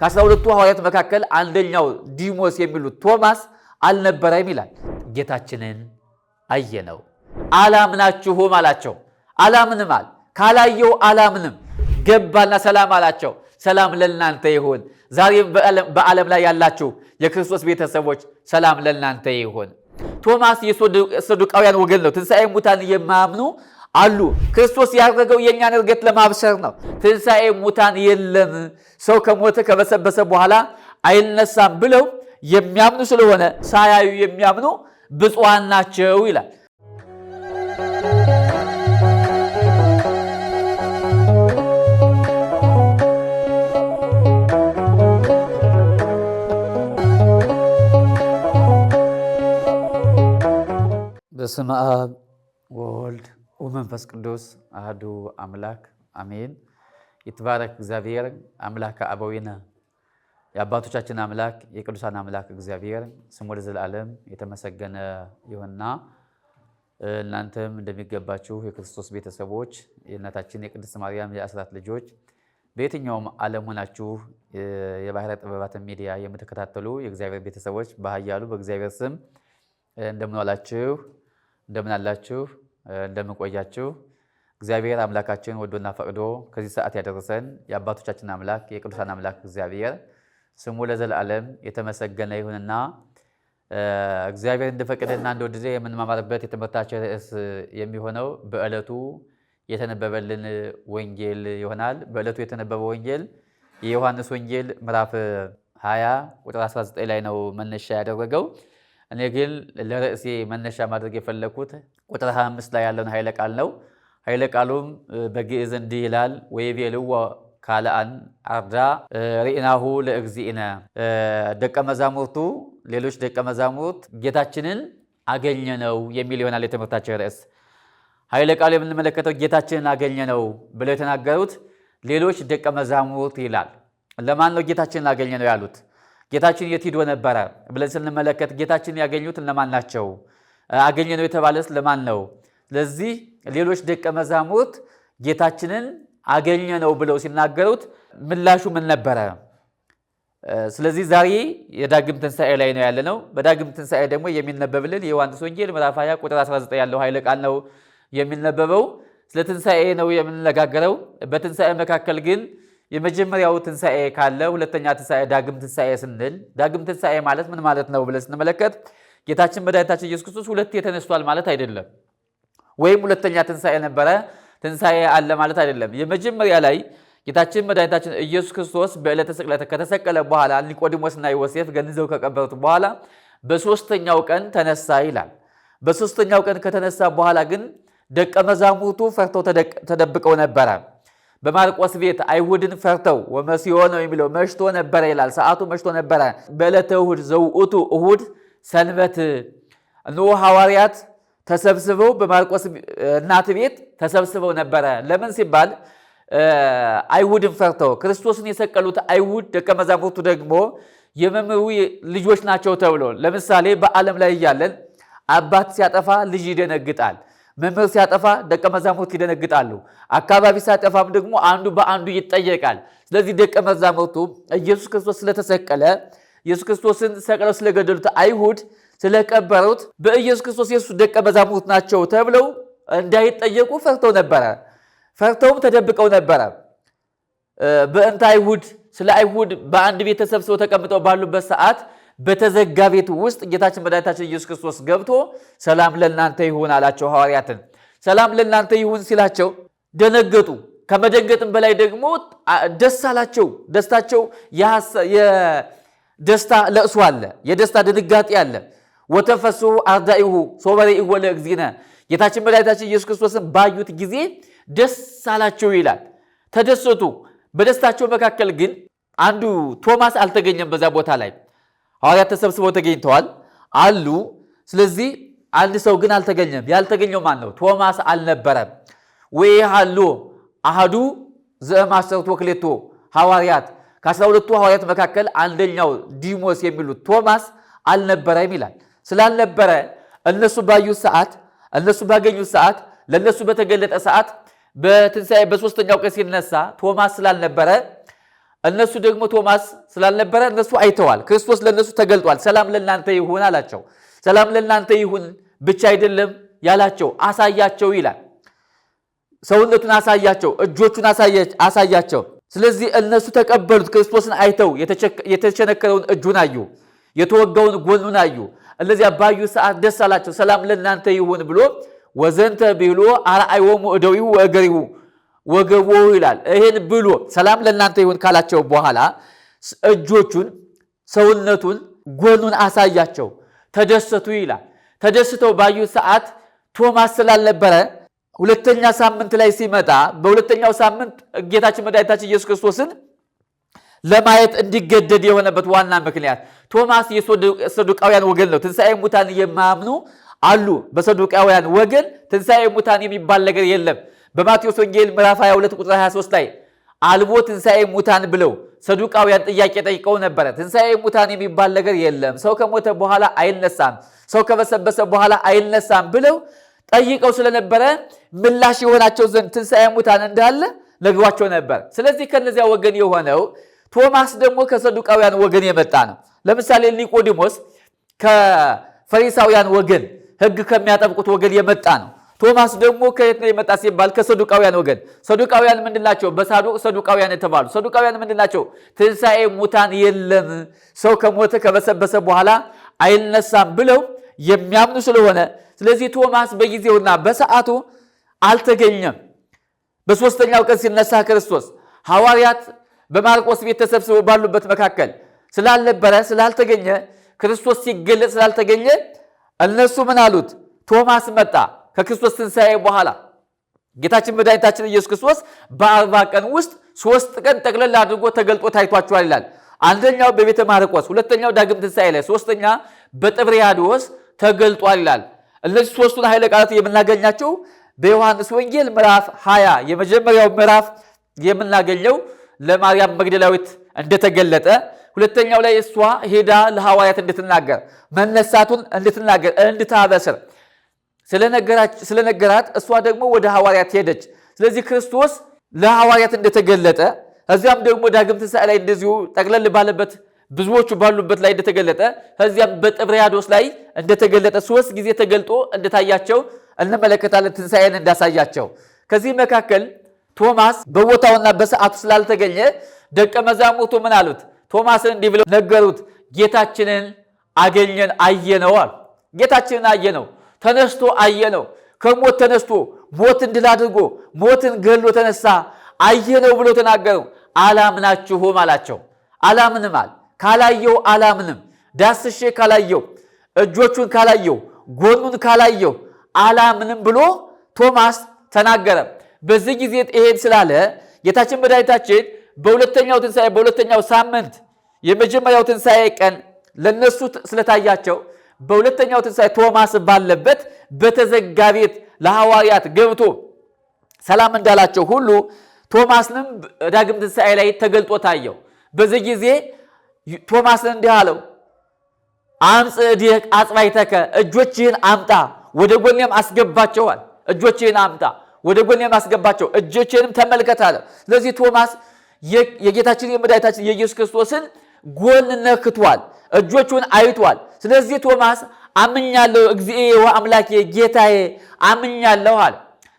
ከአስራ ሁለቱ ሐዋርያት መካከል አንደኛው ዲሞስ የሚሉት ቶማስ አልነበረም ይላል። ጌታችንን አየነው። አላምናችሁም አላቸው። አላምንም አል ካላየው አላምንም። ገባና ሰላም አላቸው። ሰላም ለእናንተ ይሁን። ዛሬም በዓለም ላይ ያላችሁ የክርስቶስ ቤተሰቦች ሰላም ለእናንተ ይሁን። ቶማስ የሰዱቃውያን ወገን ነው። ትንሣኤ ሙታን የማያምኑ አሉ። ክርስቶስ ያደረገው የእኛን እርገት ለማብሰር ነው። ትንሣኤ ሙታን የለም፣ ሰው ከሞተ ከበሰበሰ በኋላ አይነሳም ብለው የሚያምኑ ስለሆነ ሳያዩ የሚያምኑ ብፁዓን ናቸው ይላል። በስመ አብ ወወልድ ወመንፈስ ቅዱስ አህዱ አምላክ አሜን። የተባረክ እግዚአብሔር አምላክ አበዊነ የአባቶቻችን አምላክ የቅዱሳን አምላክ እግዚአብሔር ስሙ ለዘላለም የተመሰገነ ይሁንና እናንተም እንደሚገባችሁ የክርስቶስ ቤተሰቦች የእናታችን የቅድስት ማርያም የአስራት ልጆች በየትኛውም ዓለም ሆናችሁ የባህረ ጥበባት ሚዲያ የምትከታተሉ የእግዚአብሔር ቤተሰቦች በኃያሉ በእግዚአብሔር ስም እንደምንዋላችሁ እንደምናላችሁ እንደምንቆያችሁ እግዚአብሔር አምላካችን ወዶና ፈቅዶ ከዚህ ሰዓት ያደረሰን የአባቶቻችን አምላክ የቅዱሳን አምላክ እግዚአብሔር ስሙ ለዘላለም የተመሰገነ ይሁንና እግዚአብሔር እንደፈቀደና እንደወደደ የምንማማርበት የትምህርታችን ርዕስ የሚሆነው በዕለቱ የተነበበልን ወንጌል ይሆናል። በዕለቱ የተነበበ ወንጌል የዮሐንስ ወንጌል ምዕራፍ 20 ቁጥር 19 ላይ ነው መነሻ ያደረገው። እኔ ግን ለርዕሴ መነሻ ማድረግ የፈለግኩት ቁጥር 25 ላይ ያለውን ኃይለ ቃል ነው። ኃይለ ቃሉም በግዕዝ እንዲህ ይላል ወይቤልዎ ካልአን አርዳ ርኢናሁ ለእግዚእነ። ደቀ መዛሙርቱ ሌሎች ደቀ መዛሙርት ጌታችንን አገኘ ነው የሚል ይሆናል የትምህርታችን ርዕስ። ኃይለ ቃሉ የምንመለከተው ጌታችንን አገኘ ነው ብለው የተናገሩት ሌሎች ደቀ መዛሙርት ይላል። ለማን ነው ጌታችንን አገኘ ነው ያሉት? ጌታችን የት ሂዶ ነበረ ብለን ስንመለከት ጌታችን ያገኙት እነማን ናቸው? አገኘ ነው የተባለስ ለማን ነው? ስለዚህ ሌሎች ደቀ መዛሙርት ጌታችንን አገኘ ነው ብለው ሲናገሩት ምላሹ ምን ነበረ? ስለዚህ ዛሬ የዳግም ትንሣኤ ላይ ነው ያለነው። በዳግም ትንሣኤ ደግሞ የሚነበብልን የዮሐንስ ወንጌል ምዕራፍ 20 ቁጥር 19 ያለው ኃይለ ቃል ነው የሚነበበው። ስለ ትንሣኤ ነው የምንነጋገረው። በትንሣኤ መካከል ግን የመጀመሪያው ትንሣኤ ካለ ሁለተኛ ትንሣኤ ዳግም ትንሣኤ ስንል ዳግም ትንሣኤ ማለት ምን ማለት ነው ብለን ስንመለከት ጌታችን መድኃኒታችን ኢየሱስ ክርስቶስ ሁለቴ ተነስቷል ማለት አይደለም። ወይም ሁለተኛ ትንሣኤ ነበረ ትንሣኤ አለ ማለት አይደለም። የመጀመሪያ ላይ ጌታችን መድኃኒታችን ኢየሱስ ክርስቶስ በዕለተ ስቅለት ከተሰቀለ በኋላ ኒቆዲሞስና ዮሴፍ ገንዘው ከቀበሩት በኋላ በሦስተኛው ቀን ተነሳ ይላል። በሦስተኛው ቀን ከተነሳ በኋላ ግን ደቀ መዛሙርቱ ፈርተው ተደብቀው ነበረ። በማርቆስ ቤት አይሁድን ፈርተው ወመሲሆ ነው የሚለው መሽቶ ነበረ ይላል። ሰዓቱ መሽቶ ነበረ። በዕለተ እሁድ ዘውእቱ እሁድ ሰንበት እንሆ ሐዋርያት ተሰብስበው በማርቆስ እናት ቤት ተሰብስበው ነበረ። ለምን ሲባል አይሁድን ፈርተው ክርስቶስን የሰቀሉት አይሁድ ደቀ መዛሙርቱ ደግሞ የመምህሩ ልጆች ናቸው ተብሎ ለምሳሌ በዓለም ላይ እያለን አባት ሲያጠፋ ልጅ ይደነግጣል። መምህር ሲያጠፋ ደቀ መዛሙርት ይደነግጣሉ። አካባቢ ሲያጠፋም ደግሞ አንዱ በአንዱ ይጠየቃል። ስለዚህ ደቀ መዛሙርቱ ኢየሱስ ክርስቶስ ስለተሰቀለ ኢየሱስ ክርስቶስን ሰቅለው ስለገደሉት አይሁድ ስለቀበሩት በኢየሱስ ክርስቶስ የሱ ደቀ መዛሙርት ናቸው ተብለው እንዳይጠየቁ ፈርተው ነበረ። ፈርተውም ተደብቀው ነበረ። በእንተ አይሁድ ስለ አይሁድ በአንድ ቤት ተሰብስበው ተቀምጠው ባሉበት ሰዓት በተዘጋ ቤት ውስጥ ጌታችን መድኃኒታችን ኢየሱስ ክርስቶስ ገብቶ ሰላም ለእናንተ ይሁን አላቸው ሐዋርያትን። ሰላም ለእናንተ ይሁን ሲላቸው ደነገጡ። ከመደንገጥም በላይ ደግሞ ደስ አላቸው። ደስታቸው የደስታ ለእሱ አለ፣ የደስታ ድንጋጤ አለ። ወተፈሱ አርዳኢሁ ሶበሬኢሁ ለእግዚእነ ጌታችን መድኃኒታችን ኢየሱስ ክርስቶስን ባዩት ጊዜ ደስ አላቸው ይላል። ተደሰቱ። በደስታቸው መካከል ግን አንዱ ቶማስ አልተገኘም በዛ ቦታ ላይ ሐዋርያት ተሰብስበው ተገኝተዋል አሉ። ስለዚህ አንድ ሰው ግን አልተገኘም። ያልተገኘው ማን ነው? ቶማስ አልነበረም። ወይ አሉ አህዱ ዘማሰርቶ ወክሌቶ ሐዋርያት ከአስራ ሁለቱ ሐዋርያት መካከል አንደኛው ዲሞስ የሚሉት ቶማስ አልነበረም ይላል። ስላልነበረ እነሱ ባዩት ሰዓት እነሱ ባገኙት ሰዓት ለእነሱ በተገለጠ ሰዓት በትንሣኤ በሦስተኛው ቀን ሲነሳ ቶማስ ስላልነበረ እነሱ ደግሞ ቶማስ ስላልነበረ እነሱ አይተዋል። ክርስቶስ ለእነሱ ተገልጧል። ሰላም ለእናንተ ይሁን አላቸው። ሰላም ለእናንተ ይሁን ብቻ አይደለም ያላቸው፣ አሳያቸው ይላል። ሰውነቱን አሳያቸው፣ እጆቹን አሳያቸው። ስለዚህ እነሱ ተቀበሉት። ክርስቶስን አይተው የተቸነከረውን እጁን አዩ፣ የተወጋውን ጎኑን አዩ። እነዚያ ባዩ ሰዓት ደስ አላቸው። ሰላም ለእናንተ ይሁን ብሎ ወዘንተ ቢሎ አርአዮሙ እደዊሁ ወእገሪሁ ወገቦ ይላል። ይህን ብሎ ሰላም ለእናንተ ይሁን ካላቸው በኋላ እጆቹን፣ ሰውነቱን፣ ጎኑን አሳያቸው ተደሰቱ ይላል። ተደስተው ባዩት ሰዓት ቶማስ ስላልነበረ ሁለተኛ ሳምንት ላይ ሲመጣ በሁለተኛው ሳምንት ጌታችን መድኃኒታችን ኢየሱስ ክርስቶስን ለማየት እንዲገደድ የሆነበት ዋና ምክንያት ቶማስ የሰዱቃውያን ወገን ነው። ትንሣኤ ሙታን የማያምኑ አሉ። በሰዱቃውያን ወገን ትንሣኤ ሙታን የሚባል ነገር የለም። በማቴዎስ ወንጌል ምዕራፍ 22 ቁጥር 23 ላይ አልቦ ትንሣኤ ሙታን ብለው ሰዱቃውያን ጥያቄ ጠይቀው ነበረ። ትንሣኤ ሙታን የሚባል ነገር የለም፣ ሰው ከሞተ በኋላ አይነሳም፣ ሰው ከበሰበሰ በኋላ አይነሳም ብለው ጠይቀው ስለነበረ ምላሽ የሆናቸው ዘንድ ትንሣኤ ሙታን እንዳለ ነግሯቸው ነበር። ስለዚህ ከነዚያ ወገን የሆነው ቶማስ ደግሞ ከሰዱቃውያን ወገን የመጣ ነው። ለምሳሌ ኒቆዲሞስ ከፈሪሳውያን ወገን ሕግ ከሚያጠብቁት ወገን የመጣ ነው። ቶማስ ደግሞ ከየት ነው የመጣ ሲባል ከሰዱቃውያን ወገን። ሰዱቃውያን ምንድናቸው? በሳዱቅ ሰዱቃውያን የተባሉ ሰዱቃውያን ምንድናቸው? ትንሣኤ ሙታን የለም ሰው ከሞተ ከበሰበሰ በኋላ አይነሳም ብለው የሚያምኑ ስለሆነ፣ ስለዚህ ቶማስ በጊዜውና በሰዓቱ አልተገኘም። በሦስተኛው ቀን ሲነሳ ክርስቶስ ሐዋርያት በማርቆስ ቤት ተሰብስበው ባሉበት መካከል ስላልነበረ ስላልተገኘ፣ ክርስቶስ ሲገለጽ ስላልተገኘ እነሱ ምን አሉት? ቶማስ መጣ ከክርስቶስ ትንሣኤ በኋላ ጌታችን መድኃኒታችን ኢየሱስ ክርስቶስ በአርባ ቀን ውስጥ ሶስት ቀን ጠቅለል አድርጎ ተገልጦ ታይቷቸዋል ይላል። አንደኛው በቤተ ማርቆስ፣ ሁለተኛው ዳግም ትንሣኤ ላይ፣ ሶስተኛ በጥብርያዶስ ተገልጧል ይላል። እነዚህ ሶስቱን ኃይለ ቃላት የምናገኛቸው በዮሐንስ ወንጌል ምዕራፍ 20 የመጀመሪያው ምዕራፍ የምናገኘው ለማርያም መግደላዊት እንደተገለጠ ሁለተኛው ላይ እሷ ሄዳ ለሐዋርያት እንድትናገር መነሳቱን እንድትናገር እንድታበስር ስለነገራት እሷ ደግሞ ወደ ሐዋርያት ሄደች። ስለዚህ ክርስቶስ ለሐዋርያት እንደተገለጠ እዚያም ደግሞ ዳግም ትንሣኤ ላይ እንደዚሁ ጠቅለል ባለበት ብዙዎቹ ባሉበት ላይ እንደተገለጠ እዚያም በጥብርያዶስ ላይ እንደተገለጠ ሶስት ጊዜ ተገልጦ እንደታያቸው እንመለከታለን። ትንሣኤን እንዳሳያቸው ከዚህ መካከል ቶማስ በቦታውና በሰዓቱ ስላልተገኘ ደቀ መዛሙርቱ ምን አሉት? ቶማስን እንዲህ ብለው ነገሩት፣ ጌታችንን አገኘን አሉ። ጌታችንን አየነው ተነስቶ አየነው። ከሞት ተነስቶ ሞትን ድል አድርጎ ሞትን ገሎ ተነሳ አየነው ብሎ ተናገረው። አላምናችሁም አላቸው። አላምንም አል ካላየው አላምንም ዳስሼ ካላየው እጆቹን ካላየው ጎኑን ካላየው አላምንም ብሎ ቶማስ ተናገረ። በዚህ ጊዜ ይሄን ስላለ ጌታችን መድኃኒታችን በሁለተኛው ትንሣኤ በሁለተኛው ሳምንት የመጀመሪያው ትንሣኤ ቀን ለነሱ ስለታያቸው በሁለተኛው ትንሣኤ ቶማስ ባለበት በተዘጋ ቤት ለሐዋርያት ገብቶ ሰላም እንዳላቸው ሁሉ ቶማስንም ዳግም ትንሣኤ ላይ ተገልጦ ታየው። በዚህ ጊዜ ቶማስን እንዲህ አለው፣ አምፅ እድህ አጽባይተከ እጆችህን አምጣ፣ ወደ ጎኔም አስገባቸዋል። እጆችህን አምጣ፣ ወደ ጎኔም አስገባቸው፣ እጆችህንም ተመልከት አለ። ስለዚህ ቶማስ የጌታችን የመድኃኒታችን የኢየሱስ ክርስቶስን ጎን ነክቷል፣ እጆቹን አይቷል። ስለዚህ ቶማስ አምኛለሁ፣ እግዚኤ አምላኬ ጌታዬ አምኛለሁ አለ።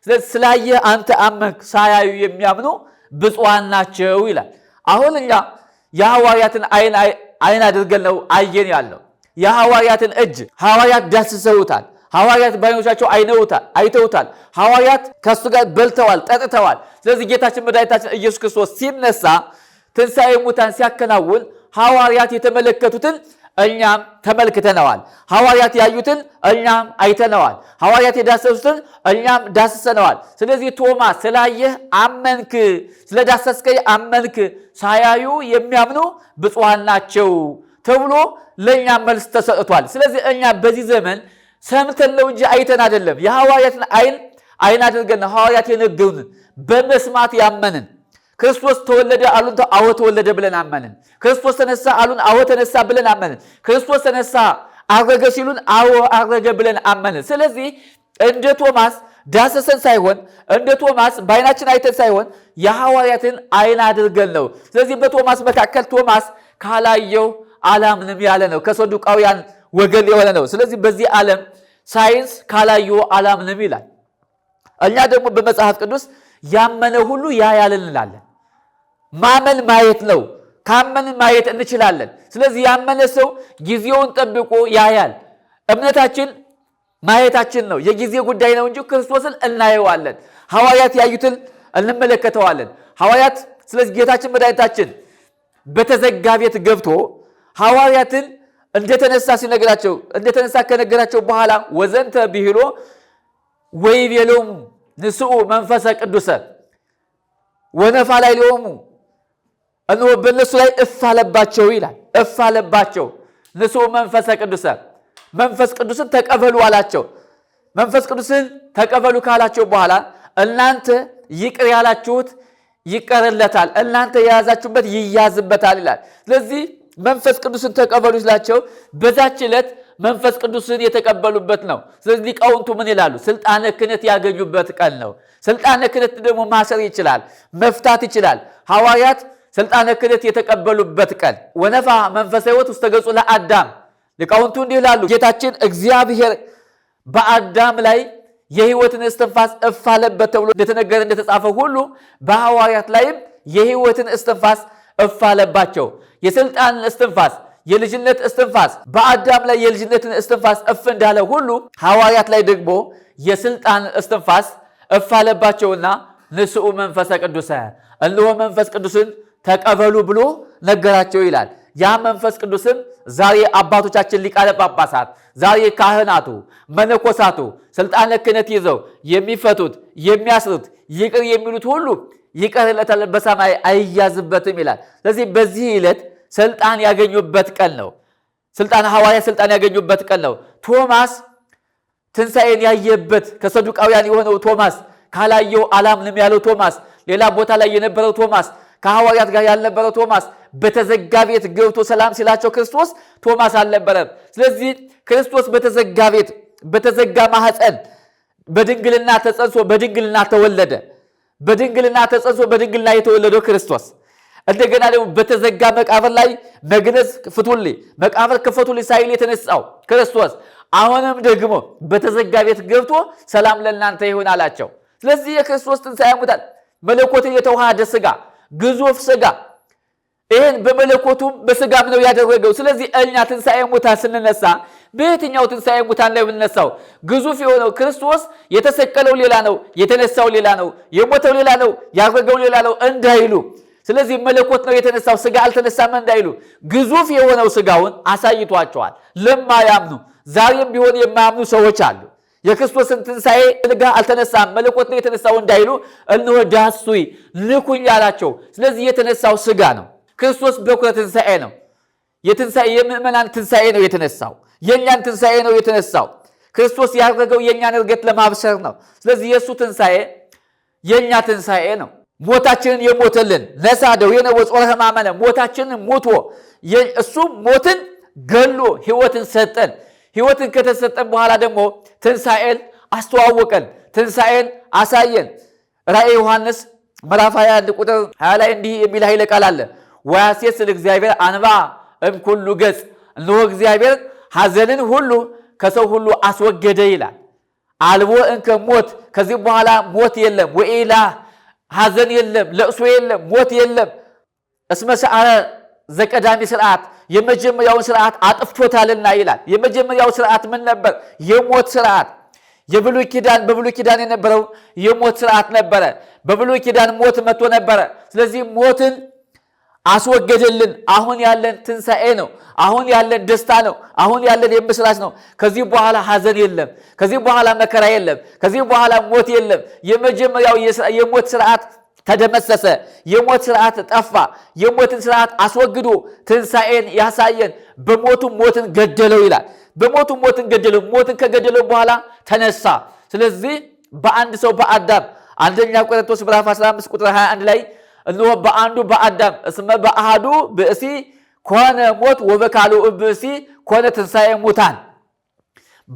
ስለዚህ ስላየ አንተ አመንክ፣ ሳያዩ የሚያምኑ ብፁዓን ናቸው ይላል። አሁን እኛ የሐዋርያትን አይን አድርገን ነው አየን ያለው የሐዋርያትን እጅ ሐዋርያት ዳስሰውታል። ሐዋርያት በዓይኖቻቸው አይነውታል አይተውታል። ሐዋርያት ከእሱ ጋር በልተዋል፣ ጠጥተዋል። ስለዚህ ጌታችን መድኃኒታችን ኢየሱስ ክርስቶስ ሲነሳ ትንሣኤ ሙታን ሲያከናውን ሐዋርያት የተመለከቱትን እኛም ተመልክተነዋል። ሐዋርያት ያዩትን እኛም አይተነዋል። ሐዋርያት የዳሰሱትን እኛም ዳስሰነዋል። ስለዚህ ቶማስ ስላየህ አመንክ፣ ስለዳሰስከኝ አመንክ፣ ሳያዩ የሚያምኑ ብፁዓን ናቸው ተብሎ ለእኛ መልስ ተሰጥቷል። ስለዚህ እኛ በዚህ ዘመን ሰምተን ነው እንጂ አይተን አይደለም። የሐዋርያትን አይን አይን አድርገን ሐዋርያት የነገሩንን በመስማት ያመንን ክርስቶስ ተወለደ አሉን አዎ ተወለደ ብለን አመንን። ክርስቶስ ተነሳ አሉን አዎ ተነሳ ብለን አመንን። ክርስቶስ ተነሳ አረገ ሲሉን አዎ አረገ ብለን አመንን። ስለዚህ እንደ ቶማስ ዳሰሰን ሳይሆን እንደ ቶማስ በአይናችን አይተን ሳይሆን የሐዋርያትን አይን አድርገን ነው። ስለዚህ በቶማስ መካከል ቶማስ ካላየው አላምንም ያለ ነው። ከሰዱቃውያን ወገን የሆነ ነው። ስለዚህ በዚህ ዓለም ሳይንስ ካላየው አላምንም ይላል። እኛ ደግሞ በመጽሐፍ ቅዱስ ያመነ ሁሉ ያ እንላለን። ማመን ማየት ነው። ካመንን ማየት እንችላለን። ስለዚህ ያመነ ሰው ጊዜውን ጠብቆ ያያል። እምነታችን ማየታችን ነው፣ የጊዜ ጉዳይ ነው እንጂ ክርስቶስን እናየዋለን። ሐዋርያት ያዩትን እንመለከተዋለን። ሐዋርያት ስለዚህ ጌታችን መድኃኒታችን በተዘጋ ቤት ገብቶ ሐዋርያትን እንደተነሳ ሲነገራቸው እንደተነሳ ከነገራቸው በኋላ ወዘንተ ብሂሎ ወይቤሎሙ ንስኡ መንፈሰ ቅዱሰ ወነፋ ላይ ሊሆሙ እነሆ በእነሱ ላይ እፍ አለባቸው ይላል። እፍ አለባቸው ንሱ መንፈሰ ቅዱሰ መንፈስ ቅዱስን ተቀበሉ አላቸው። መንፈስ ቅዱስን ተቀበሉ ካላቸው በኋላ እናንተ ይቅር ያላችሁት ይቀርለታል፣ እናንተ የያዛችሁበት ይያዝበታል ይላል። ስለዚህ መንፈስ ቅዱስን ተቀበሉ ስላቸው በዛች ዕለት መንፈስ ቅዱስን የተቀበሉበት ነው። ስለዚህ ሊቃውንቱ ምን ይላሉ? ስልጣነ ክህነት ያገኙበት ቀን ነው። ስልጣነ ክህነት ደግሞ ማሰር ይችላል፣ መፍታት ይችላል። ሐዋርያት ስልጣነ ክህደት የተቀበሉበት ቀን ወነፋ መንፈሳዊ ሕይወት ውስጥ ተገጹ ለአዳም ሊቃውንቱ እንዲህ ይላሉ። ጌታችን እግዚአብሔር በአዳም ላይ የህይወትን እስትንፋስ እፍ አለበት ተብሎ እንደተነገረ እንደተጻፈ ሁሉ በሐዋርያት ላይም የህይወትን እስትንፋስ እፍ አለባቸው። የስልጣን እስትንፋስ፣ የልጅነት እስትንፋስ በአዳም ላይ የልጅነትን እስትንፋስ እፍ እንዳለ ሁሉ ሐዋርያት ላይ ደግሞ የስልጣን እስትንፋስ እፍ አለባቸውና ንስኡ መንፈሰ ቅዱሰ እንሆ መንፈስ ቅዱስን ተቀበሉ ብሎ ነገራቸው ይላል። ያ መንፈስ ቅዱስም ዛሬ አባቶቻችን ሊቃነ ጳጳሳት፣ ዛሬ ካህናቱ፣ መነኮሳቱ ስልጣነ ክህነት ይዘው የሚፈቱት የሚያስሩት፣ ይቅር የሚሉት ሁሉ ይቀርለታል፣ በሰማይ አይያዝበትም ይላል። ስለዚህ በዚህ ዕለት ስልጣን ያገኙበት ቀን ነው። ስልጣን ሐዋርያ ስልጣን ያገኙበት ቀን ነው። ቶማስ ትንሣኤን ያየበት ከሰዱቃውያን የሆነው ቶማስ ካላየው አላምንም ያለው ቶማስ ሌላ ቦታ ላይ የነበረው ቶማስ ከሐዋርያት ጋር ያልነበረው ቶማስ በተዘጋ ቤት ገብቶ ሰላም ሲላቸው ክርስቶስ ቶማስ አልነበረም። ስለዚህ ክርስቶስ በተዘጋ ቤት በተዘጋ ማህፀን በድንግልና ተጸንሶ በድንግልና ተወለደ። በድንግልና ተጸንሶ በድንግልና የተወለደው ክርስቶስ እንደገና ደግሞ በተዘጋ መቃብር ላይ መግነዝ ፍቱል መቃብር ክፈቱልኝ ሳይል የተነሳው ክርስቶስ አሁንም ደግሞ በተዘጋ ቤት ገብቶ ሰላም ለእናንተ ይሆን አላቸው። ስለዚህ የክርስቶስ ትንሣኤ ሙታን መለኮትን የተዋሃደ ስጋ። ግዙፍ ስጋ ይህን በመለኮቱም በስጋም ነው ያደረገው። ስለዚህ እኛ ትንሣኤ ሙታን ስንነሳ በየትኛው ትንሣኤ ሙታን ላይ የምንነሳው? ግዙፍ የሆነው ክርስቶስ የተሰቀለው ሌላ ነው፣ የተነሳው ሌላ ነው፣ የሞተው ሌላ ነው፣ ያደረገው ሌላ ነው እንዳይሉ። ስለዚህ መለኮት ነው የተነሳው፣ ስጋ አልተነሳም እንዳይሉ ግዙፍ የሆነው ስጋውን አሳይቷቸዋል። ለማያምኑ ዛሬም ቢሆን የማያምኑ ሰዎች አሉ። የክርስቶስን ትንሣኤ ንጋ አልተነሳም መለኮት ነው የተነሳው እንዳይሉ እንሆ ዳሱይ ልኩኝ አላቸው። ስለዚህ የተነሳው ስጋ ነው። ክርስቶስ በኩረ ትንሣኤ ነው። የትንሣኤ የምእመናን ትንሣኤ ነው የተነሳው። የእኛን ትንሣኤ ነው የተነሳው። ክርስቶስ ያደረገው የእኛን እርገት ለማብሰር ነው። ስለዚህ የእሱ ትንሣኤ የእኛ ትንሣኤ ነው። ሞታችንን የሞተልን ነሳደው የነወጾረ ህማመነ ሞታችንን ሞቶ እሱ ሞትን ገሎ ህይወትን ሰጠን። ህይወትን ከተሰጠን በኋላ ደግሞ ትንሣኤን አስተዋወቀን፣ ትንሣኤን አሳየን። ራእይ ዮሐንስ ምዕራፍ 21 ቁጥር 20 ላይ እንዲህ የሚል ኃይለ ቃል አለ። ወያሴስ ለእግዚአብሔር አንባ እምኩሉ ገጽ፣ እነሆ እግዚአብሔር ሐዘንን ሁሉ ከሰው ሁሉ አስወገደ ይላል። አልቦ እንከ ሞት፣ ከዚህ በኋላ ሞት የለም። ወኢላ ሐዘን የለም፣ ለእሱ የለም፣ ሞት የለም። እስመ ሰዓረ ዘቀዳሚ ስርዓት የመጀመሪያውን ስርዓት አጥፍቶታልና ይላል። የመጀመሪያው ስርዓት ምን ነበር? የሞት ስርዓት። የብሉይ ኪዳን በብሉይ ኪዳን የነበረው የሞት ስርዓት ነበረ። በብሉይ ኪዳን ሞት መጥቶ ነበረ። ስለዚህ ሞትን አስወገደልን። አሁን ያለን ትንሣኤ ነው። አሁን ያለን ደስታ ነው። አሁን ያለን የምስራች ነው። ከዚህ በኋላ ሐዘን የለም። ከዚህ በኋላ መከራ የለም። ከዚህ በኋላ ሞት የለም። የመጀመሪያው የሞት ስርዓት ተደመሰሰ። የሞት ስርዓት ጠፋ። የሞትን ስርዓት አስወግዶ ትንሣኤን ያሳየን። በሞቱ ሞትን ገደለው ይላል። በሞቱ ሞትን ገደለው። ሞትን ከገደለው በኋላ ተነሳ። ስለዚህ በአንድ ሰው በአዳም አንደኛ ቆሮንቶስ ምዕራፍ 15 ቁጥር 21 ላይ እነሆ በአንዱ በአዳም እስመ በአሃዱ ብእሲ ኮነ ሞት ወበካሉ ብእሲ ኮነ ትንሣኤ ሙታን።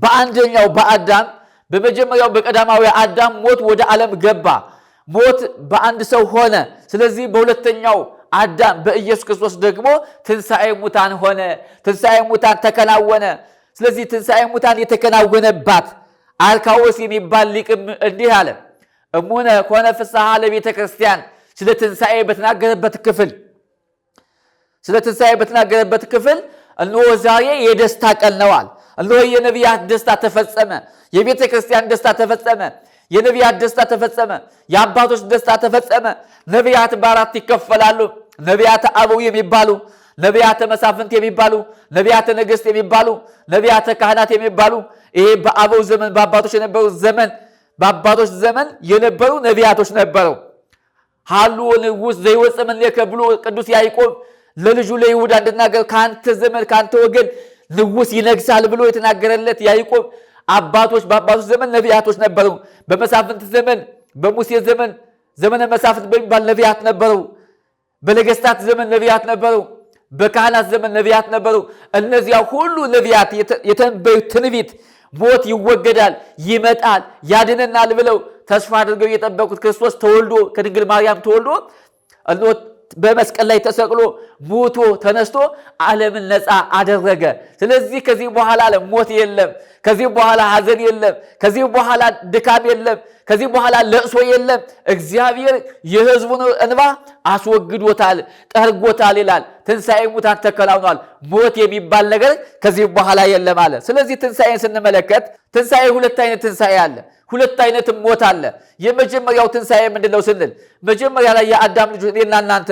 በአንደኛው በአዳም በመጀመሪያው በቀዳማዊ አዳም ሞት ወደ ዓለም ገባ። ሞት በአንድ ሰው ሆነ። ስለዚህ በሁለተኛው አዳም በኢየሱስ ክርስቶስ ደግሞ ትንሣኤ ሙታን ሆነ። ትንሣኤ ሙታን ተከናወነ። ስለዚህ ትንሣኤ ሙታን የተከናወነባት አርካዎስ የሚባል ሊቅም እንዲህ አለ። እሙነ ከሆነ ፍስሐ ለቤተ ክርስቲያን ስለ ትንሣኤ በተናገረበት ክፍል ስለ ትንሣኤ በተናገረበት ክፍል እንሆ ዛሬ የደስታ ቀን ነዋል። የነቢያት ደስታ ተፈጸመ። የቤተ ክርስቲያን ደስታ ተፈጸመ። የነቢያት ደስታ ተፈጸመ። የአባቶች ደስታ ተፈጸመ። ነቢያት በአራት ይከፈላሉ። ነቢያተ አበው የሚባሉ ነቢያተ መሳፍንት የሚባሉ ነቢያተ ነገሥት የሚባሉ ነቢያተ ካህናት የሚባሉ ይሄ በአበው ዘመን በአባቶች የነበሩ ዘመን በአባቶች ዘመን የነበሩ ነቢያቶች ነበረው። ሀልዎ ንጉሥ ዘይወፅእ እምኔከ ብሎ ቅዱስ ያዕቆብ ለልጁ ለይሁዳ እንደተናገረ ከአንተ ዘመን ከአንተ ወገን ንጉሥ ይነግሳል ብሎ የተናገረለት ያዕቆብ አባቶች በአባቶች ዘመን ነቢያቶች ነበሩ። በመሳፍንት ዘመን በሙሴ ዘመን ዘመነ መሳፍንት በሚባል ነቢያት ነበሩ። በነገስታት ዘመን ነቢያት ነበሩ። በካህናት ዘመን ነቢያት ነበሩ። እነዚያ ሁሉ ነቢያት የተንበዩት ትንቢት ሞት ይወገዳል፣ ይመጣል፣ ያድነናል ብለው ተስፋ አድርገው የጠበቁት ክርስቶስ ተወልዶ ከድንግል ማርያም ተወልዶ በመስቀል ላይ ተሰቅሎ ሞቶ ተነስቶ ዓለምን ነፃ አደረገ። ስለዚህ ከዚህ በኋላ ዓለም ሞት የለም። ከዚህ በኋላ ሐዘን የለም፣ ከዚህ በኋላ ድካም የለም፣ ከዚህ በኋላ ለእሶ የለም። እግዚአብሔር የሕዝቡን እንባ አስወግዶታል፣ ጠርጎታል ይላል። ትንሣኤ ሙታን ተከናውኗል። ሞት የሚባል ነገር ከዚህ በኋላ የለም አለ። ስለዚህ ትንሣኤን ስንመለከት ትንሣኤ ሁለት አይነት ትንሣኤ አለ፣ ሁለት አይነትም ሞት አለ። የመጀመሪያው ትንሣኤ ምንድነው ስንል መጀመሪያ ላይ የአዳም ልጆች እኔና እናንተ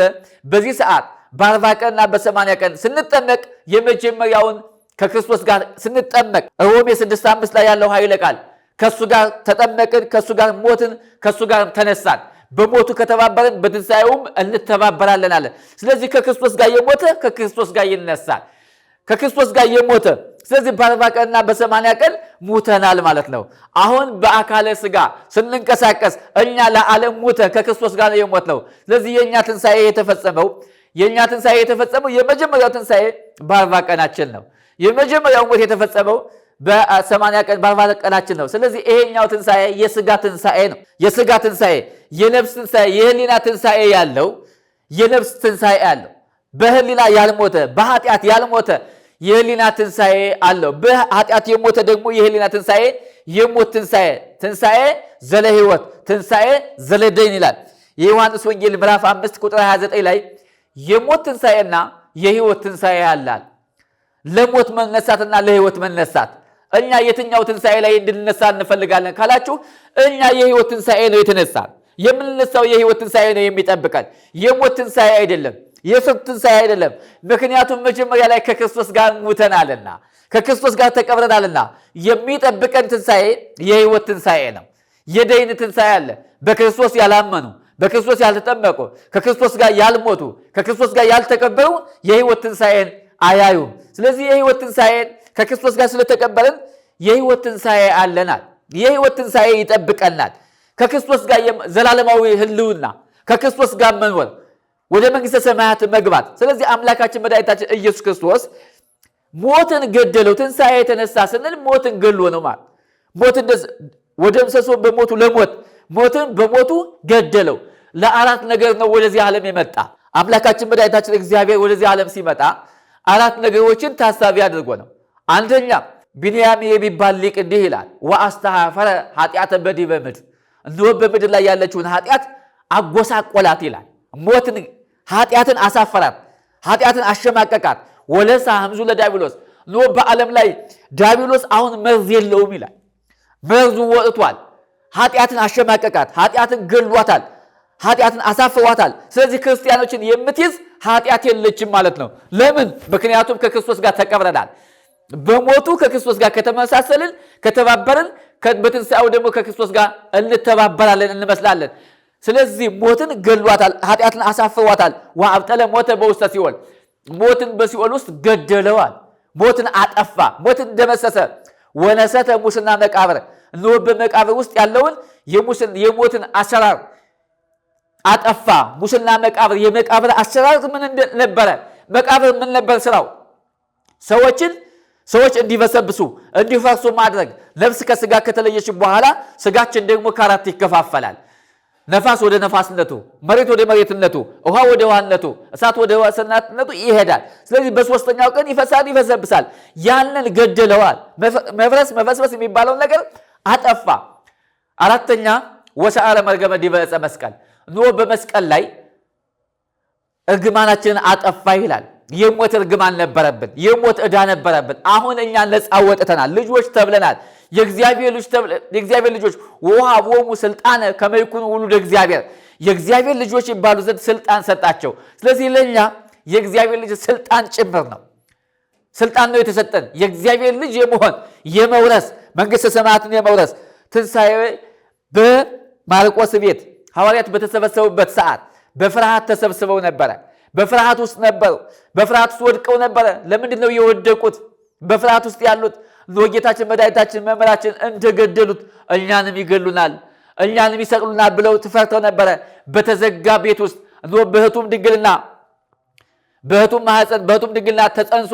በዚህ ሰዓት በአርባ ቀንና በሰማንያ ቀን ስንጠመቅ የመጀመሪያውን ከክርስቶስ ጋር ስንጠመቅ ሮሜ ስድስት አምስት ላይ ያለው ኃይለ ቃል ከእሱ ጋር ተጠመቅን፣ ከእሱ ጋር ሞትን፣ ከእሱ ጋር ተነሳን። በሞቱ ከተባበርን በትንሣኤውም እንተባበራለን አለ። ስለዚህ ከክርስቶስ ጋር የሞተ ከክርስቶስ ጋር ይነሳል። ከክርስቶስ ጋር የሞተ ስለዚህ በአርባ ቀንና በሰማንያ ቀን ሙተናል ማለት ነው። አሁን በአካለ ስጋ ስንንቀሳቀስ እኛ ለዓለም ሙተን ከክርስቶስ ጋር የሞት ነው። ስለዚህ የእኛ ትንሣኤ የተፈጸመው የእኛ ትንሣኤ የተፈጸመው የመጀመሪያው ትንሣኤ በአርባ ቀናችን ነው። የመጀመሪያው ሞት የተፈጸመው በሰማንያ ቀን በአርባ ቀናችን ነው። ስለዚህ ይሄኛው ትንሣኤ የስጋ ትንሣኤ ነው። የስጋ ትንሣኤ፣ የነብስ ትንሣኤ፣ የህሊና ትንሣኤ ያለው የነብስ ትንሣኤ አለው። በህሊና ያልሞተ በኃጢአት ያልሞተ የህሊና ትንሣኤ አለው። በኃጢአት የሞተ ደግሞ የህሊና ትንሣኤ የሞት ትንሣኤ ትንሣኤ ዘለ ህይወት ትንሣኤ ዘለ ደይን ይላል። የዮሐንስ ወንጌል ምዕራፍ አምስት ቁጥር 29 ላይ የሞት ትንሣኤና የህይወት ትንሣኤ ያላል። ለሞት መነሳትና ለህይወት መነሳት እኛ የትኛው ትንሣኤ ላይ እንድንነሳ እንፈልጋለን ካላችሁ እኛ የህይወት ትንሣኤ ነው የተነሳ የምንነሳው የህይወት ትንሣኤ ነው የሚጠብቀን የሞት ትንሣኤ አይደለም የሰው ትንሣኤ አይደለም። ምክንያቱም መጀመሪያ ላይ ከክርስቶስ ጋር ሙተናልና ከክርስቶስ ጋር ተቀብረናልና የሚጠብቀን ትንሣኤ የህይወት ትንሣኤ ነው። የደይን ትንሣኤ አለ። በክርስቶስ ያላመኑ በክርስቶስ ያልተጠመቁ ከክርስቶስ ጋር ያልሞቱ ከክርስቶስ ጋር ያልተቀበሉ የህይወት ትንሣኤን አያዩም። ስለዚህ የህይወት ትንሣኤን ከክርስቶስ ጋር ስለተቀበልን የህይወት ትንሣኤ አለናል። የህይወት ትንሣኤ ይጠብቀናል። ከክርስቶስ ጋር ዘላለማዊ ህልውና፣ ከክርስቶስ ጋር መኖር፣ ወደ መንግሥተ ሰማያት መግባት። ስለዚህ አምላካችን መድኃኒታችን ኢየሱስ ክርስቶስ ሞትን ገደለው። ትንሣኤ የተነሳ ስንል ሞትን ገሎ ነው ማለት ሞትን ወደ ምሰሶ በሞቱ ለሞት ሞትን በሞቱ ገደለው። ለአራት ነገር ነው ወደዚህ ዓለም የመጣ አምላካችን መድኃኒታችን እግዚአብሔር ወደዚህ ዓለም ሲመጣ አራት ነገሮችን ታሳቢ አድርጎ ነው። አንደኛ ቢንያም የሚባል ሊቅ እንዲህ ይላል፣ ወአስተሐፈረ ኃጢአተ በዲበ ምድር፣ እንሆ በምድር ላይ ያለችውን ኃጢአት አጎሳቆላት ይላል። ሞትን ኃጢአትን አሳፈራት፣ ኃጢአትን አሸማቀቃት። ወለሳ ህምዙ ለዳቢሎስ እንሆ በዓለም ላይ ዳቢሎስ አሁን መርዝ የለውም ይላል። መርዙ ወጥቷል። ኃጢአትን አሸማቀቃት፣ ኃጢአትን ገሏታል። ኃጢአትን አሳፍዋታል። ስለዚህ ክርስቲያኖችን የምትይዝ ኃጢአት የለችም ማለት ነው። ለምን? ምክንያቱም ከክርስቶስ ጋር ተቀብረናል። በሞቱ ከክርስቶስ ጋር ከተመሳሰልን ከተባበርን፣ በትንሣኤው ደግሞ ከክርስቶስ ጋር እንተባበራለን እንመስላለን። ስለዚህ ሞትን ገሏታል፣ ኃጢአትን አሳፍሯታል። ወአብጠለ ሞተ በውስተ ሲኦል፣ ሞትን በሲኦል ውስጥ ገደለዋል። ሞትን አጠፋ፣ ሞትን ደመሰሰ። ወነሰተ ሙስና መቃብር፣ እንሆ በመቃብር ውስጥ ያለውን የሞትን አሰራር አጠፋ። ሙስና መቃብር፣ የመቃብር አሰራር ምን ነበረ? መቃብር ምን ነበር ስራው? ሰዎችን ሰዎች እንዲበሰብሱ እንዲፈርሱ ማድረግ። ነፍስ ከስጋ ከተለየች በኋላ ስጋችን ደግሞ ከአራት ይከፋፈላል። ነፋስ ወደ ነፋስነቱ፣ መሬት ወደ መሬትነቱ፣ ውሃ ወደ ውሃነቱ፣ እሳት ወደ ሰናትነቱ ይሄዳል። ስለዚህ በሶስተኛው ቀን ይፈሳል፣ ይፈሰብሳል። ያንን ገደለዋል። መፍረስ መፈስበስ የሚባለውን ነገር አጠፋ። አራተኛ ወሰአረ መርገመ ዲበ ዕፀ መስቀል ኖህ በመስቀል ላይ እርግማናችንን አጠፋ ይላል። የሞት እርግማን ነበረብን፣ የሞት ዕዳ ነበረብን። አሁን እኛ ነፃ ወጥተናል፣ ልጆች ተብለናል። የእግዚአብሔር ልጆች ወሀቦሙ ስልጣነ ከመ ይኩኑ ውሉደ እግዚአብሔር፣ የእግዚአብሔር ልጆች ይባሉ ዘንድ ስልጣን ሰጣቸው። ስለዚህ ለእኛ የእግዚአብሔር ልጅ ስልጣን ጭምር ነው። ስልጣን ነው የተሰጠን የእግዚአብሔር ልጅ የመሆን የመውረስ መንግሥተ ሰማያትን የመውረስ ትንሣኤ በማርቆስ ቤት ሐዋርያት በተሰበሰቡበት ሰዓት በፍርሃት ተሰብስበው ነበረ። በፍርሃት ውስጥ ነበሩ። በፍርሃት ውስጥ ወድቀው ነበረ። ለምንድን ነው የወደቁት? በፍርሃት ውስጥ ያሉት ጌታችን መድኃኒታችን መምህራችን እንደገደሉት እኛንም ይገሉናል፣ እኛንም ይሰቅሉናል ብለው ትፈርተው ነበረ። በተዘጋ ቤት ውስጥ በሕቱም ድንግልና በሕቱም ማኅፀን በሕቱም ድንግልና ተጸንሶ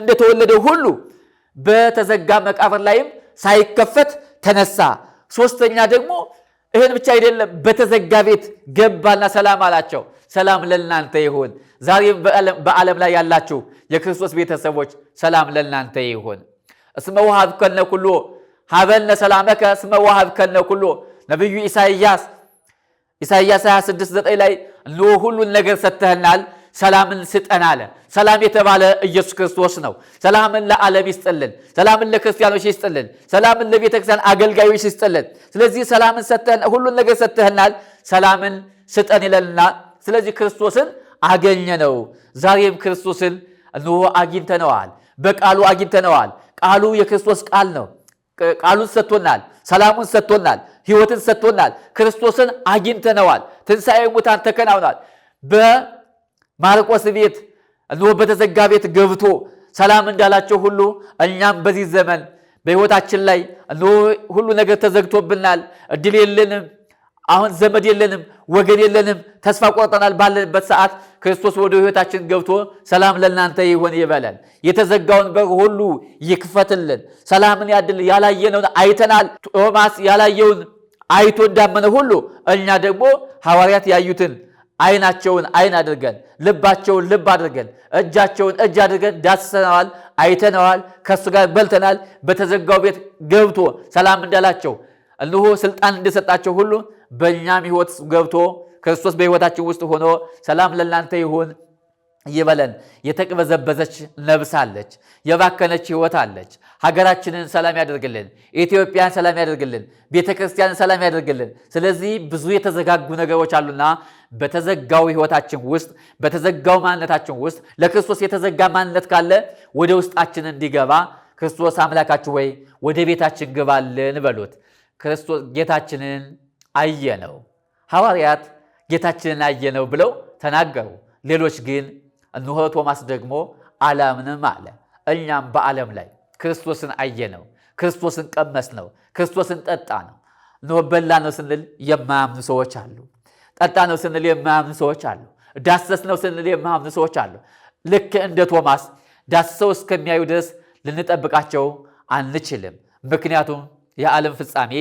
እንደተወለደ ሁሉ በተዘጋ መቃብር ላይም ሳይከፈት ተነሳ። ሶስተኛ ደግሞ ይህን ብቻ አይደለም፣ በተዘጋ ቤት ገባና ሰላም አላቸው። ሰላም ለእናንተ ይሁን። ዛሬም በዓለም ላይ ያላችሁ የክርስቶስ ቤተሰቦች ሰላም ለእናንተ ይሁን። እስመ ውሃብ ከነ ኩሎ ሀበነ ሰላመከ እስመ ውሃብ ከነ ኩሎ ነቢዩ ኢሳይያስ ኢሳይያስ 26 9 ላይ እንሆ ሁሉን ነገር ሰጥተህናል ሰላምን ስጠን አለ። ሰላም የተባለ ኢየሱስ ክርስቶስ ነው። ሰላምን ለዓለም ይስጥልን፣ ሰላምን ለክርስቲያኖች ይስጥልን፣ ሰላምን ለቤተክርስቲያን አገልጋዮች ይስጥልን። ስለዚህ ሰላምን ሰጥተን ሁሉን ነገር ሰጥተህናል፣ ሰላምን ስጠን ይለንና ስለዚህ ክርስቶስን አገኘ ነው። ዛሬም ክርስቶስን እንሆ አግኝተነዋል፣ በቃሉ አግኝተነዋል። ቃሉ የክርስቶስ ቃል ነው። ቃሉን ሰጥቶናል፣ ሰላሙን ሰጥቶናል፣ ህይወትን ሰጥቶናል። ክርስቶስን አግኝተነዋል። ትንሣኤ ሙታን ተከናውኗል። ማርቆስ ቤት እነሆ በተዘጋ ቤት ገብቶ ሰላም እንዳላቸው ሁሉ እኛም በዚህ ዘመን በሕይወታችን ላይ እነሆ ሁሉ ነገር ተዘግቶብናል። እድል የለንም። አሁን ዘመድ የለንም፣ ወገን የለንም፣ ተስፋ ቆርጠናል። ባለንበት ሰዓት ክርስቶስ ወደ ሕይወታችን ገብቶ ሰላም ለእናንተ ይሆን ይበለን፣ የተዘጋውን በር ሁሉ ይክፈትልን፣ ሰላምን ያድል። ያላየነውን አይተናል። ቶማስ ያላየውን አይቶ እንዳመነ ሁሉ እኛ ደግሞ ሐዋርያት ያዩትን አይናቸውን አይን አድርገን ልባቸውን ልብ አድርገን እጃቸውን እጅ አድርገን ዳስሰነዋል፣ አይተነዋል፣ ከእሱ ጋር በልተናል። በተዘጋው ቤት ገብቶ ሰላም እንዳላቸው እነሆ ስልጣን እንደሰጣቸው ሁሉ በእኛም ህይወት ገብቶ ክርስቶስ በህይወታችን ውስጥ ሆኖ ሰላም ለእናንተ ይሁን ይበለን። የተቅበዘበዘች ነብስ አለች፣ የባከነች ህይወት አለች። ሀገራችንን ሰላም ያደርግልን፣ ኢትዮጵያን ሰላም ያደርግልን፣ ቤተክርስቲያንን ሰላም ያደርግልን። ስለዚህ ብዙ የተዘጋጉ ነገሮች አሉና በተዘጋው ህይወታችን ውስጥ በተዘጋው ማንነታችን ውስጥ ለክርስቶስ የተዘጋ ማንነት ካለ ወደ ውስጣችን እንዲገባ ክርስቶስ አምላካችን ወይ ወደ ቤታችን ግባልን በሉት። ክርስቶስ ጌታችንን አየነው፣ ሐዋርያት ጌታችንን አየነው ብለው ተናገሩ። ሌሎች ግን እነሆ ቶማስ ደግሞ አላምንም አለ። እኛም በዓለም ላይ ክርስቶስን አየነው፣ ክርስቶስን ቀመስ ነው፣ ክርስቶስን ጠጣ ነው፣ እንሆ በላ ነው ስንል የማያምኑ ሰዎች አሉ። ጠጣ ነው ስንል የማያምኑ ሰዎች አሉ። ዳሰስ ነው ስንል የማያምኑ ሰዎች አሉ። ልክ እንደ ቶማስ ዳስሰው እስከሚያዩ ድረስ ልንጠብቃቸው አንችልም። ምክንያቱም የዓለም ፍጻሜ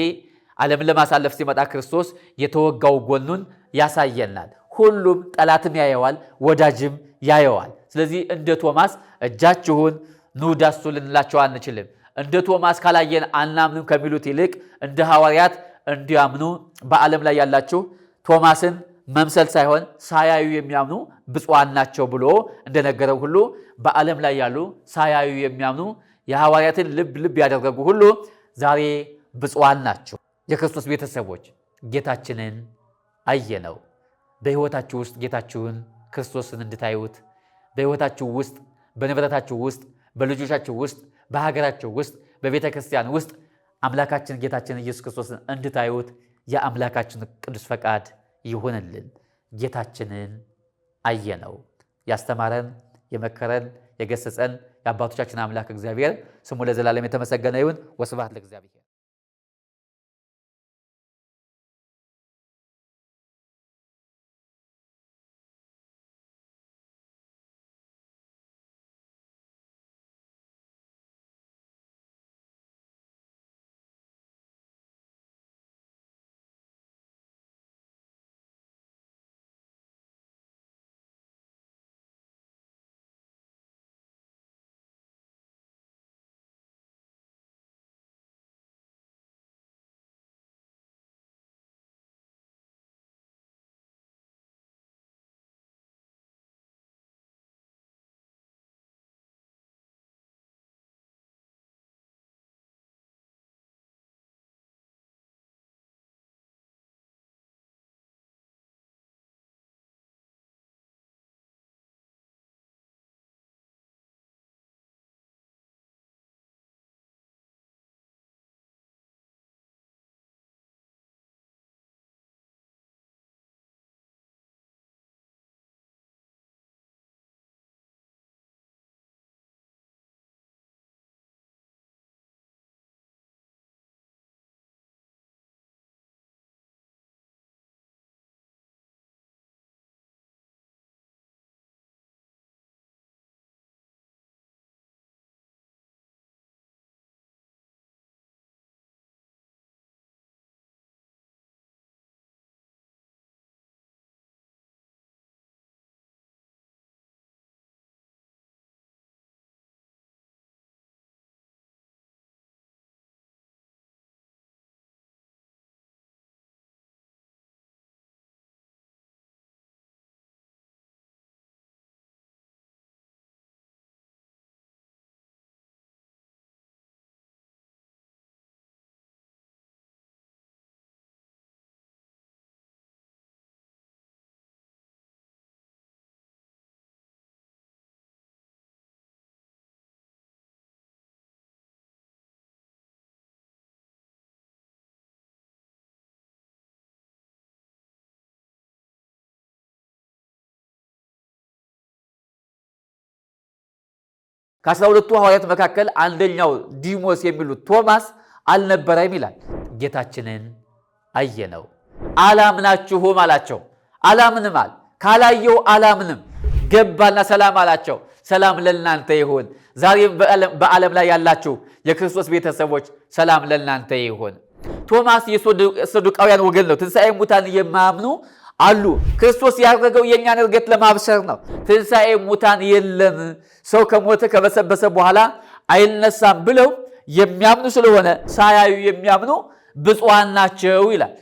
ዓለምን ለማሳለፍ ሲመጣ ክርስቶስ የተወጋው ጎኑን ያሳየናል። ሁሉም ጠላትም ያየዋል፣ ወዳጅም ያየዋል። ስለዚህ እንደ ቶማስ እጃችሁን ኑ ዳሱ ልንላቸው አንችልም። እንደ ቶማስ ካላየን አናምንም ከሚሉት ይልቅ እንደ ሐዋርያት እንዲያምኑ በዓለም ላይ ያላችሁ ቶማስን መምሰል ሳይሆን ሳያዩ የሚያምኑ ብፁዓን ናቸው ብሎ እንደነገረው ሁሉ በዓለም ላይ ያሉ ሳያዩ የሚያምኑ የሐዋርያትን ልብ ልብ ያደረጉ ሁሉ ዛሬ ብፁዓን ናቸው። የክርስቶስ ቤተሰቦች ጌታችንን አየነው። በሕይወታችሁ ውስጥ ጌታችሁን ክርስቶስን እንድታዩት በሕይወታችሁ ውስጥ፣ በንብረታችሁ ውስጥ፣ በልጆቻችሁ ውስጥ፣ በሀገራችሁ ውስጥ፣ በቤተ ክርስቲያን ውስጥ አምላካችን ጌታችን ኢየሱስ ክርስቶስን እንድታዩት የአምላካችን ቅዱስ ፈቃድ ይሁንልን። ጌታችንን አየነው። ያስተማረን፣ የመከረን፣ የገሰጸን የአባቶቻችን አምላክ እግዚአብሔር ስሙ ለዘላለም የተመሰገነ ይሁን። ወስብሐት ለእግዚአብሔር። ከአስራ ሁለቱ ሐዋርያት መካከል አንደኛው ዲሞስ የሚሉት ቶማስ አልነበረም ይላል። ጌታችንን አየነው። አላምናችሁም አላቸው። አላምንም አል ካላየው አላምንም። ገባና ሰላም አላቸው። ሰላም ለእናንተ ይሁን። ዛሬም በዓለም ላይ ያላችሁ የክርስቶስ ቤተሰቦች ሰላም ለእናንተ ይሁን። ቶማስ የሰዱቃውያን ወገን ነው። ትንሣኤ ሙታን የማያምኑ አሉ። ክርስቶስ ያደረገው የእኛን እርገት ለማብሰር ነው። ትንሣኤ ሙታን የለም፣ ሰው ከሞተ ከበሰበሰ በኋላ አይነሳም ብለው የሚያምኑ ስለሆነ ሳያዩ የሚያምኑ ብፁዓን ናቸው ይላል።